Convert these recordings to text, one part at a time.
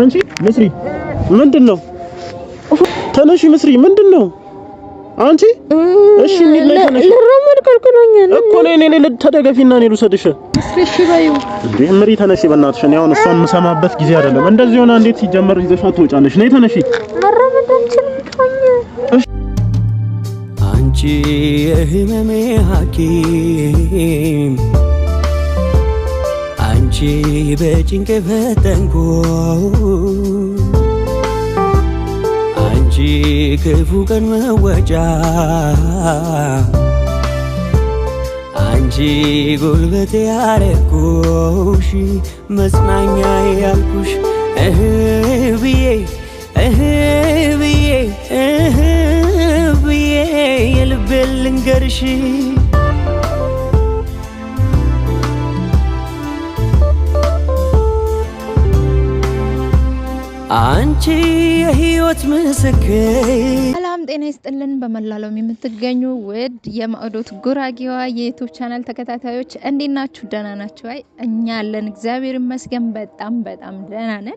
አንቺ ምስሪ ምንድን ነው? ተነሽ ምስሪ ምንድን ነው? አንቺ እሺ ምን ለሮማን እኮ ነው እኔ ተደገፊና እኔ ልውሰድሽ። እሺ በይ እንዴ ምሪ በእናትሽ። እኔ አሁን እሷን የምሰማበት ጊዜ አይደለም። እንደዚህ ሆነ እንዴት ሲጀመር ይዘሻት ትወጫለሽ? ነይ ተነሺ አንቺ የህመሜ ሐኪም በጭንቅ ፈተንኩ አንቺ ክፉ ቀን መወጫ አንቺ ጉልበት ያረኩሽ መጽናኛ ያልኩሽ እህ ብዬ እህ ብዬ እህ ብዬ የልቤን ልንገርሽ አንቺ የህይወት ምስክር። ሰላም ጤና ይስጥልን። በመላለም የምትገኙ ውድ የማዕዶት ጉራጌዋ የዩቱብ ቻናል ተከታታዮች እንዴት ናችሁ? ደህና ናችሁ? አይ እኛ ያለን እግዚአብሔር ይመስገን በጣም በጣም ደህና ነን።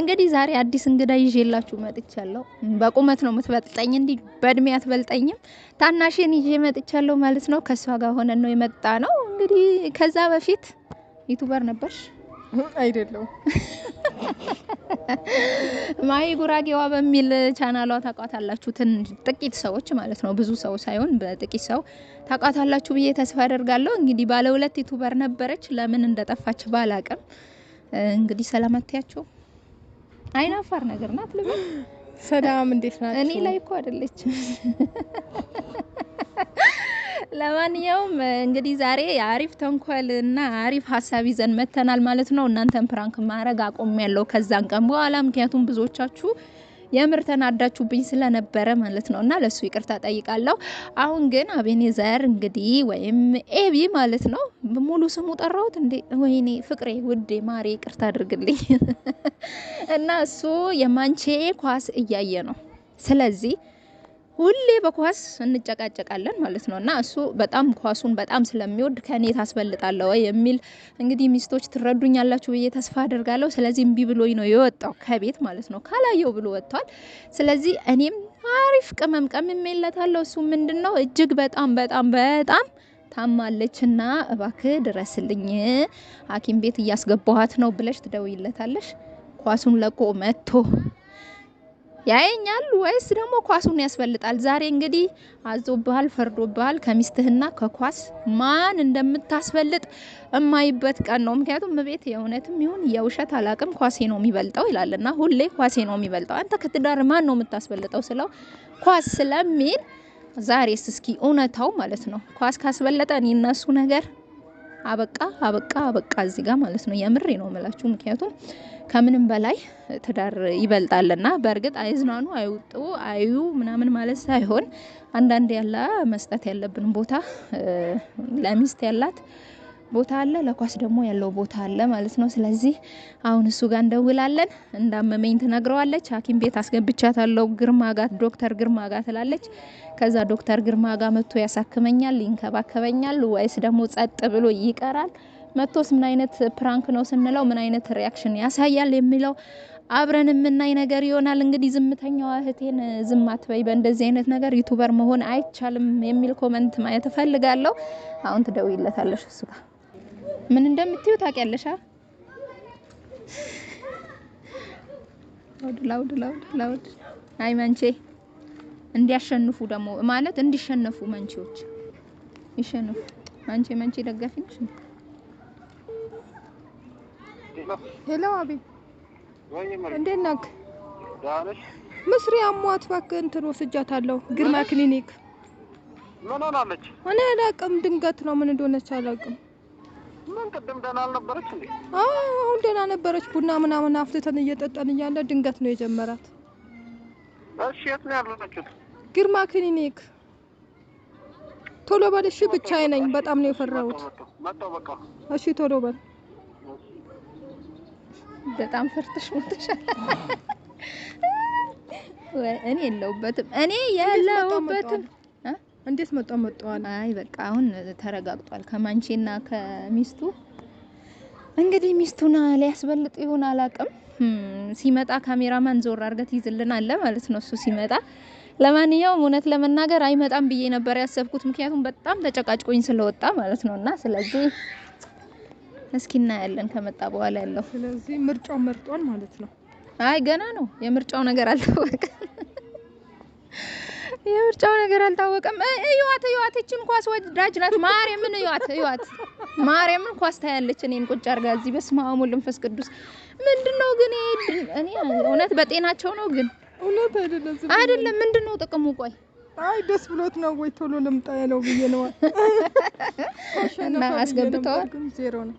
እንግዲህ ዛሬ አዲስ እንግዳ ይዤላችሁ መጥቻለሁ። በቁመት ነው የምትበልጠኝ፣ እንዲህ በእድሜ አትበልጠኝም። ታናሽን ይዤ መጥቻለሁ ማለት ነው። ከእሷ ጋር ሆነን ነው የመጣ ነው። እንግዲህ ከዛ በፊት ዩቱበር ነበርሽ አይደለሁም ማይ ጉራጌዋ በሚል ቻናሏ ታውቋታላችሁ። ጥቂት ሰዎች ማለት ነው፣ ብዙ ሰው ሳይሆን በጥቂት ሰው ታውቋታላችሁ ብዬ ተስፋ አደርጋለሁ። እንግዲህ ባለ ሁለት ዩቱበር ነበረች፣ ለምን እንደጠፋች ባላቅም፣ እንግዲህ ሰላም አትያችሁ። አይናፋር ነገር ናት። ልብ ሰላም፣ እንዴት ናችሁ? እኔ ላይ እኮ አይደለችም ለማንኛውም እንግዲህ ዛሬ አሪፍ ተንኮል እና አሪፍ ሀሳብ ይዘን መተናል ማለት ነው። እናንተን ፕራንክ ማድረግ ያለው ከዛን ቀን በኋላ ምክንያቱም ብዙዎቻችሁ የምር ተናዳችሁብኝ ስለነበረ ማለት ነው እና ለሱ ይቅርታ ጠይቃለሁ። አሁን ግን አቤኔዘር እንግዲህ ወይም ኤቢ ማለት ነው ሙሉ ስሙ ጠራሁት እንዴ? ወይኔ ፍቅሬ፣ ውዴ፣ ማሬ ይቅርታ አድርግልኝ እና እሱ የማንቼ ኳስ እያየ ነው ስለዚህ ሁሌ በኳስ እንጨቃጨቃለን ማለት ነው እና እሱ በጣም ኳሱን በጣም ስለሚወድ ከእኔ ታስበልጣለ ወይ የሚል እንግዲህ ሚስቶች ትረዱኛላችሁ ብዬ ተስፋ አደርጋለሁ። ስለዚህ እምቢ ብሎኝ ነው የወጣው ከቤት ማለት ነው ካላየው ብሎ ወጥቷል። ስለዚህ እኔም አሪፍ ቅመም ቀምሜለታለሁ። እሱ ምንድን ነው እጅግ በጣም በጣም በጣም ታማለች እና እባክህ ድረስልኝ ሐኪም ቤት እያስገባኋት ነው ብለሽ ትደውይለታለሽ። ኳሱን ለቆ መጥቶ ያየኛል ወይስ ደግሞ ኳሱን ያስበልጣል? ዛሬ እንግዲህ አዞብሃል፣ ፈርዶብሃል። ከሚስትህና ከኳስ ማን እንደምታስበልጥ እማይበት ቀን ነው። ምክንያቱም ቤት የእውነትም ይሁን የውሸት አላቅም ኳሴ ነው የሚበልጠው ይላልና ሁሌ ኳሴ ነው የሚበልጠው። አንተ ከትዳር ማን ነው የምታስበልጠው ስለው ኳስ ስለሚል ዛሬስ እስኪ እውነታው ማለት ነው ኳስ ካስበለጠ እኔ እነሱ ነገር አበቃ አበቃ አበቃ እዚህ ጋር ማለት ነው። የምሬ ነው የምላችሁ። ምክንያቱም ከምንም በላይ ትዳር ይበልጣልና በእርግጥ አይዝናኑ፣ አይውጡ፣ አዩ ምናምን ማለት ሳይሆን አንዳንድ ያለ መስጠት ያለብን ቦታ ለሚስት ያላት ቦታ አለ፣ ለኳስ ደግሞ ያለው ቦታ አለ ማለት ነው። ስለዚህ አሁን እሱ ጋር እንደውላለን። እንዳመመኝ ትነግረዋለች። ሐኪም ቤት አስገብቻታለሁ ግርማ ጋር ዶክተር ግርማ ጋር ትላለች። ከዛ ዶክተር ግርማ ጋር መጥቶ ያሳክመኛል፣ ይንከባከበኛል ወይስ ደግሞ ጸጥ ብሎ ይቀራል? መጥቶስ ምን አይነት ፕራንክ ነው ስንለው ምን አይነት ሪያክሽን ያሳያል የሚለው አብረን የምናይ ነገር ይሆናል። እንግዲህ ዝምተኛዋ እህቴን ዝም አትበይ፣ በእንደዚህ አይነት ነገር ዩቱበር መሆን አይቻልም የሚል ኮመንት ማየት እፈልጋለሁ። አሁን ትደውይለታለሽ እሱ ጋር ምን እንደምትዩ ታውቂያለሽ? ላውድ ላውድ ላውድ ላውድ አይ መንቼ እንዲያሸንፉ ደግሞ ማለት እንዲሸነፉ መንቼዎች ይሸንፉ። መንቼ መንቼ ደጋፊ ነሽ? ሄሎ አቤ፣ እንዴት ነህ? ምስሪ አሟት እባክህ እንትን ወስጃታለሁ ግርማ ክሊኒክ። ምን ሆናለች? እኔ አላውቅም፣ ድንገት ነው። ምን እንደሆነች አላውቅም። ምን ቅድም ደህና አልነበረች እንዴ? አሁን ደህና ነበረች። ቡና ምናምን አፍልተን እየጠጣን እያለ ድንገት ነው የጀመራት። እሺ፣ የት ነው ያለችሁት? ግርማ ክሊኒክ። ቶሎ በል እሺ። ብቻዬ ነኝ፣ በጣም ነው የፈራሁት። እሺ፣ ቶሎ በል። በጣም ፈርተሽ ሞተሻል። እኔ የለሁበትም፣ እኔ የለሁበትም እንዴት መጣ መጣዋል? አይ በቃ አሁን ተረጋግጧል። ከማንቼና ከሚስቱ እንግዲህ ሚስቱን ሊያስበልጥ ይሆን አላቅም። ሲመጣ ካሜራማን ዞር አድርገት ይዝልን አለ ማለት ነው እሱ ሲመጣ። ለማንኛውም እውነት ለመናገር አይመጣም ብዬ ነበር ያሰብኩት፣ ምክንያቱም በጣም ተጨቃጭቆኝ ስለወጣ ማለት ነውና ስለዚህ እስኪ እናያለን ከመጣ በኋላ ያለው። ስለዚህ ምርጫው መርጧል ማለት ነው። አይ ገና ነው የምርጫው ነገር አልታወቀም። የውርጫው ነገር አልታወቀም። እዩዋት እዩዋት፣ እቺን ኳስ ወዳጅ ናት። ማርያምን እዩዋት እዩዋት፣ ማርያምን ኳስ ታያለች። እኔን ቁጭ አርጋ እዚህ። በስመ አብ ወወልድ ወመንፈስ ቅዱስ። ምንድነው ግን እኔ እውነት በጤናቸው ነው ግን እውነት አይደለም አይደለም። ምንድነው ጥቅሙ? ቆይ አይ ደስ ብሎት ነው ወይ ቶሎ ልምጣ ያለው ብዬ ነው። እና አስገብተዋል። ዜሮ ነው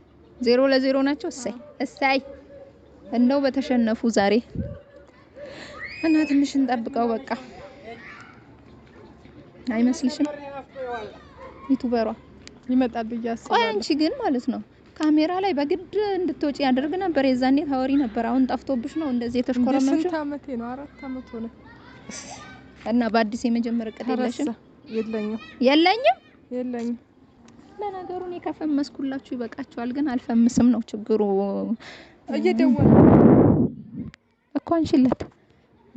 ዜሮ ለዜሮ ናቸው። እሳይ እሳይ፣ እንደው በተሸነፉ ዛሬ እና ትንሽ እንጠብቀው በቃ አይመስልሽም? ዩቱበሯ ይመጣል ብዬ አስባለሁ። አንቺ ግን ማለት ነው ካሜራ ላይ በግድ እንድትወጪ ያደርግ ነበር። የዛኔ ታወሪ ነበር። አሁን ጠፍቶብሽ ነው እንደዚህ የተሽኮረመምሽ? ስንት አመቴ ነው? አራት አመት ሆነ። እና በአዲስ የመጀመር እቅድ የለሽም? የለኝም የለኝም የለኝም። ለነገሩ እኔ ከፈመስኩላችሁ ይበቃችኋል። ግን አልፈምስም ነው ችግሩ። እየደወለ እኮ አንሽለት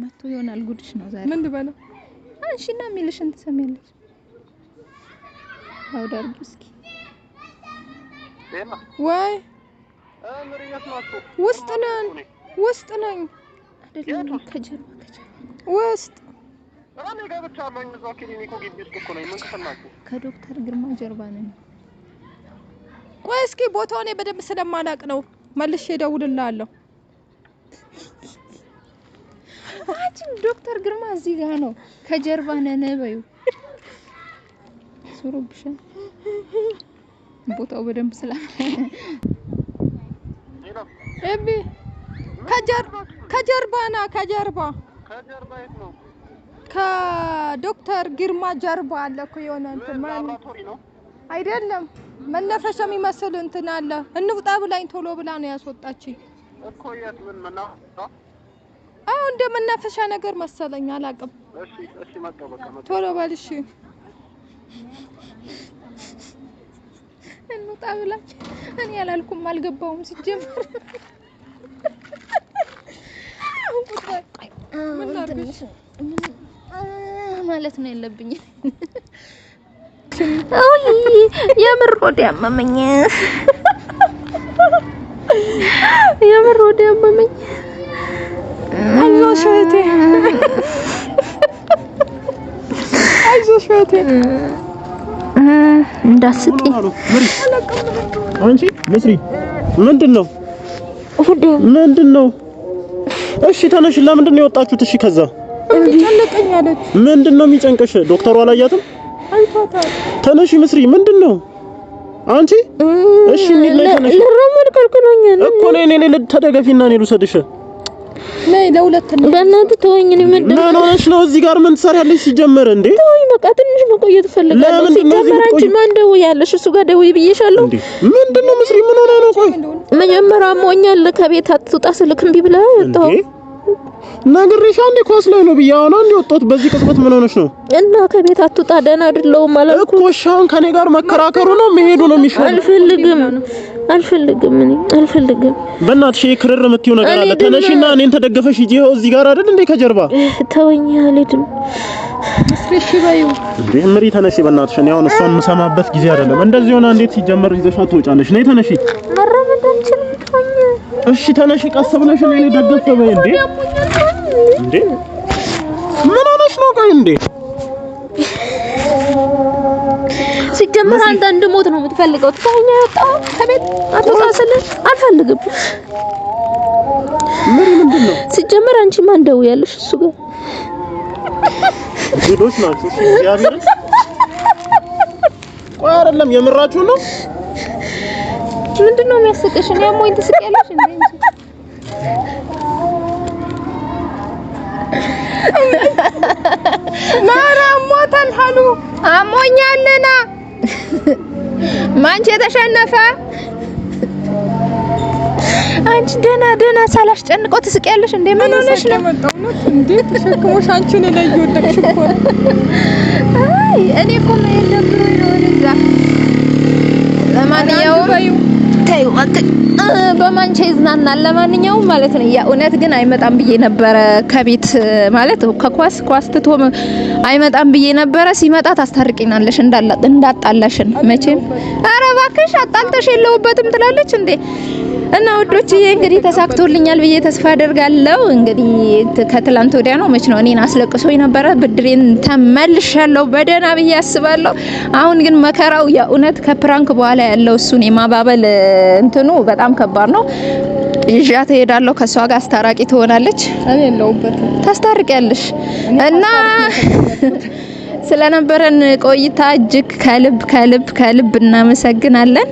መጥቶ ይሆናል። ጉድሽ ነው ዛሬ ምን ልበለው እሺና የሚልሽን ትሰሚያለሽ። አውድ አድርጊው እስኪ። ወይ ውስጥ ነን፣ ውስጥ ነኝ። አይደለም ከጀርባ ከጀርባ ውስጥ ከዶክተር ግርማ ጀርባ ነኝ። ቆይ እስኪ ቦታውን በደንብ ስለማላቅ ነው መልሼ እደውልልሃለሁ። አጭን ዶክተር ግርማ እዚህ ጋ ነው። ከጀርባ ነነበዩ ሱሩብሽ ቦታው በደንብ ስላለ እቢ ከጀርባ ከጀርባ ና ከጀርባ ከዶክተር ግርማ ጀርባ አለ እኮ የሆነ እንትን አይደለም፣ መናፈሻ የሚመስል እንትን አለ። እንውጣ ብላኝ ቶሎ ብላ ነው ያስወጣችኝ እኮ የት ምን እንደ መናፈሻ ነገር መሰለኝ፣ አላውቅም። ቶሎ በል እሺ። እንውጣ ብላችሁ እኔ አላልኩም፣ አልገባውም ሲጀምር ማለት ነው ያለብኝ። የምር ሆዴ አመመኝ፣ የምር ሆዴ አመመኝ። አይዞሽ እህቴ፣ አይዞሽ እህቴ እንዳስቂኝ አንቺ ምስሪ ምንድን ነው ምንድን ነው? እሺ ተነሽ። ለምንድን ነው የወጣችሁት? እሺ ከዛ ምንድን ነው የሚጨንቅሽ? ዶክተሩ አላያትም? ተነሽ ምስሪ። ምንድን ነው አንቺ? እሺ እኔ ተደገፊና እኔ ልውሰድሽ ነይ ለሁለት ነው። በእናትህ ተወኝ። እኔ ምንድን ነው ምን ሆነሽ ነው እዚህ ጋር ምን ትሰሪያለሽ? ሲጀመር እንዴ ተወኝ፣ በቃ ትንሽ መቆየት እፈልጋለሁ። ሲጀመር አንቺ ማን ደውያለሽ? እሱ ጋር ደውይ ብዬሻለሁ። ምንድን ነው ምስሪ፣ ምን ሆነ ነው? ቆይ መጀመሪያ አሞኛል፣ ከቤት አትውጣ ስልክ እምቢ ብለህ ወጣሁ። ነግሬሽ አንዴ ኮስ ላይ ነው ብዬ አሁን አንዴ ወጣሁት። በዚህ ቅጽበት ምን ሆነሽ ነው? እና ከቤት አትውጣ ደህና አይደለሁም አላልኩም እኮ። እሺ አሁን ከኔ ጋር መከራከሩ ነው መሄዱ ነው የሚሻለው። አልፈልግም አልፈልግም፣ እኔ አልፈልግም። በእናትሽ ክርር የምትይው ነገር አለ። ተነሽና እኔን ተደገፈሽ ሂጂ። ይኸው እዚህ ጋር አይደል እንዴ? ከጀርባ ተወኝ። አልሄድም። እሺ ባዩ እንዴ ምሪ፣ ተነሽ በእናትሽ። እኔ አሁን እሷን የምሰማበት ጊዜ አይደለም። እንደዚህ ሆና እንዴት ሲጀመር ይዘሻት ትወጫለሽ? ነይ ተነሺ። እሺ ተነሺ፣ ቀስ ብለሽ እኔን ደገፍ በይ። እንዴ እንዴ ምን ሆነሽ ነው? ቆይ እንዴ ሲጀመር አንተ እንድሞት ነው የምትፈልገው። ትታኛ ያጣው ከቤት አትወጣ ስልህ አልፈልግም። ምን ምንድን ነው ሲጀመር? አንቺ ማን ደውያለሽ? እሱ ጋር ሄዶች ናችሁ። እግዚአብሔር ቆይ፣ አይደለም የምራችሁ ነው። ምንድን ነው የሚያስቀሽ? እኔ አሞኝ ትስቂያለሽ እንዴ? ናራ ሞታል ሀሉ አሞኛልና ማንቺ የተሸነፈ አንቺ ደህና ደህና ጨንቆ ትስቂያለሽ እንዴ? ምን ሆነሽ ነው? እንዴ? ተሸክሞሽ አንቺን ላይ ይወደቅሽ እኮ። አይ እኔ እኮ ነው የነበረው ነው ለዛ ለማንኛውም አታዩ በማንቼ ይዝናናል። ለማንኛውም ማለት ነው ያ እውነት ግን አይመጣም ብዬ ነበረ ከቤት ማለት ከኳስ ኳስ ትቶ አይመጣም ብዬ ነበረ። ሲመጣ ታስታርቂናለሽ እንዳጣላሽን መቼም። ኧረ እባክሽ አጣልተሽ የለውበትም ትላለች እንዴ እና ውዶችዬ እንግዲህ ተሳክቶልኛል ብዬ ተስፋ አደርጋለሁ። እንግዲህ ከትላንት ወዲያ ነው መች ነው እኔን አስለቅሶ የነበረ ብድሬን ተመልሻለሁ በደህና ብዬ አስባለሁ። አሁን ግን መከራው የእውነት ከፕራንክ በኋላ ያለው እሱን የማባበል እንትኑ በጣም ከባድ ነው። ይዣ ትሄዳለሁ። ከሷ ጋር አስታራቂ ትሆናለች። ታስታርቂያለሽ እና ስለነበረን ቆይታ እጅግ ከልብ ከልብ ከልብ እናመሰግናለን።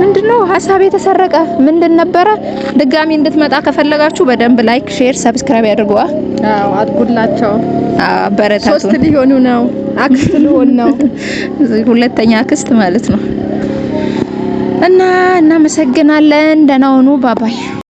ምንድነው ሀሳብ የተሰረቀ ምንድን ነበረ? ድጋሚ እንድትመጣ ከፈለጋችሁ በደንብ ላይክ፣ ሼር፣ ሰብስክራይብ ያድርጉዋ። አዎ አድርጉላቸው። አበረታቱ። ሶስት ሊሆኑ ነው። አክስት ሊሆን ነው። ሁለተኛ አክስት ማለት ነው። እና እናመሰግናለን። ደህና ሁኑ። ባባይ